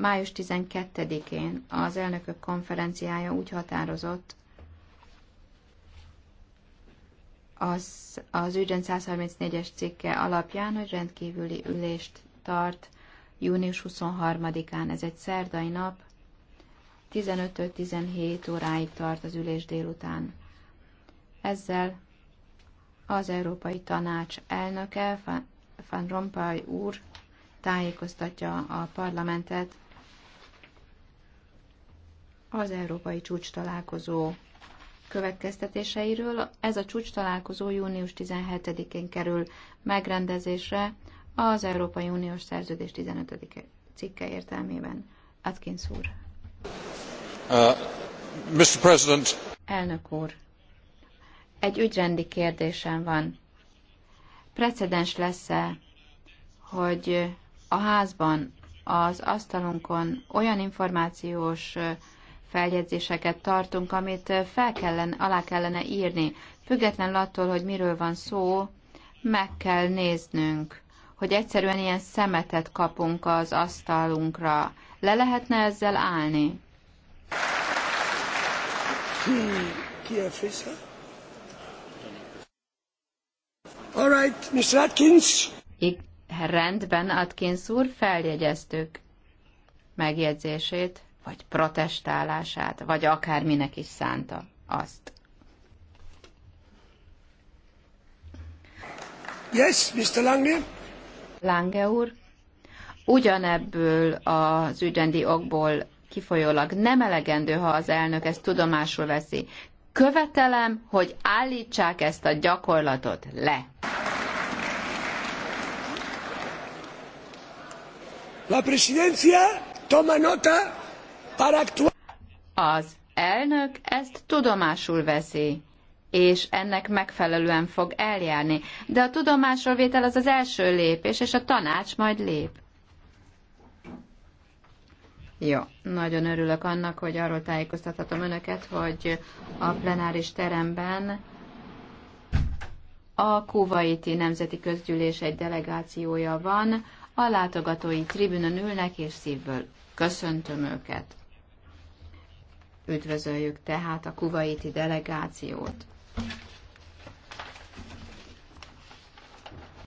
Május 12-én az elnökök konferenciája úgy határozott, az, az ügyrend 134-es cikke alapján, hogy rendkívüli ülést tart június 23-án, ez egy szerdai nap, 15-17 óráig tart az ülés délután. Ezzel az Európai Tanács elnöke, Van Rompuy úr tájékoztatja a parlamentet az Európai Csúcs találkozó következtetéseiről. Ez a csúcs találkozó június 17-én kerül megrendezésre az Európai Uniós Szerződés 15. cikke értelmében. Atkins úr. Uh, Mr. President. Elnök úr. Egy ügyrendi kérdésem van. Precedens lesz-e, hogy a házban, az asztalunkon olyan információs uh, feljegyzéseket tartunk, amit fel kellene, alá kellene írni. Független attól, hogy miről van szó, meg kell néznünk, hogy egyszerűen ilyen szemetet kapunk az asztalunkra. Le lehetne ezzel állni? Ki, a All right, Mr. Atkins. Így rendben, Atkins úr, feljegyeztük megjegyzését vagy protestálását, vagy akárminek is szánta azt. Yes, Mr. Lange. Lange úr, ugyanebből az ügyrendi okból kifolyólag nem elegendő, ha az elnök ezt tudomásul veszi. Követelem, hogy állítsák ezt a gyakorlatot le. La presidencia toma nota az elnök ezt tudomásul veszi és ennek megfelelően fog eljárni. De a tudomásról vétel az az első lépés, és a tanács majd lép. Jó, nagyon örülök annak, hogy arról tájékoztathatom önöket, hogy a plenáris teremben a Kuwaiti Nemzeti Közgyűlés egy delegációja van, a látogatói tribünön ülnek és szívből köszöntöm őket. Üdvözöljük tehát a kuvaiti delegációt.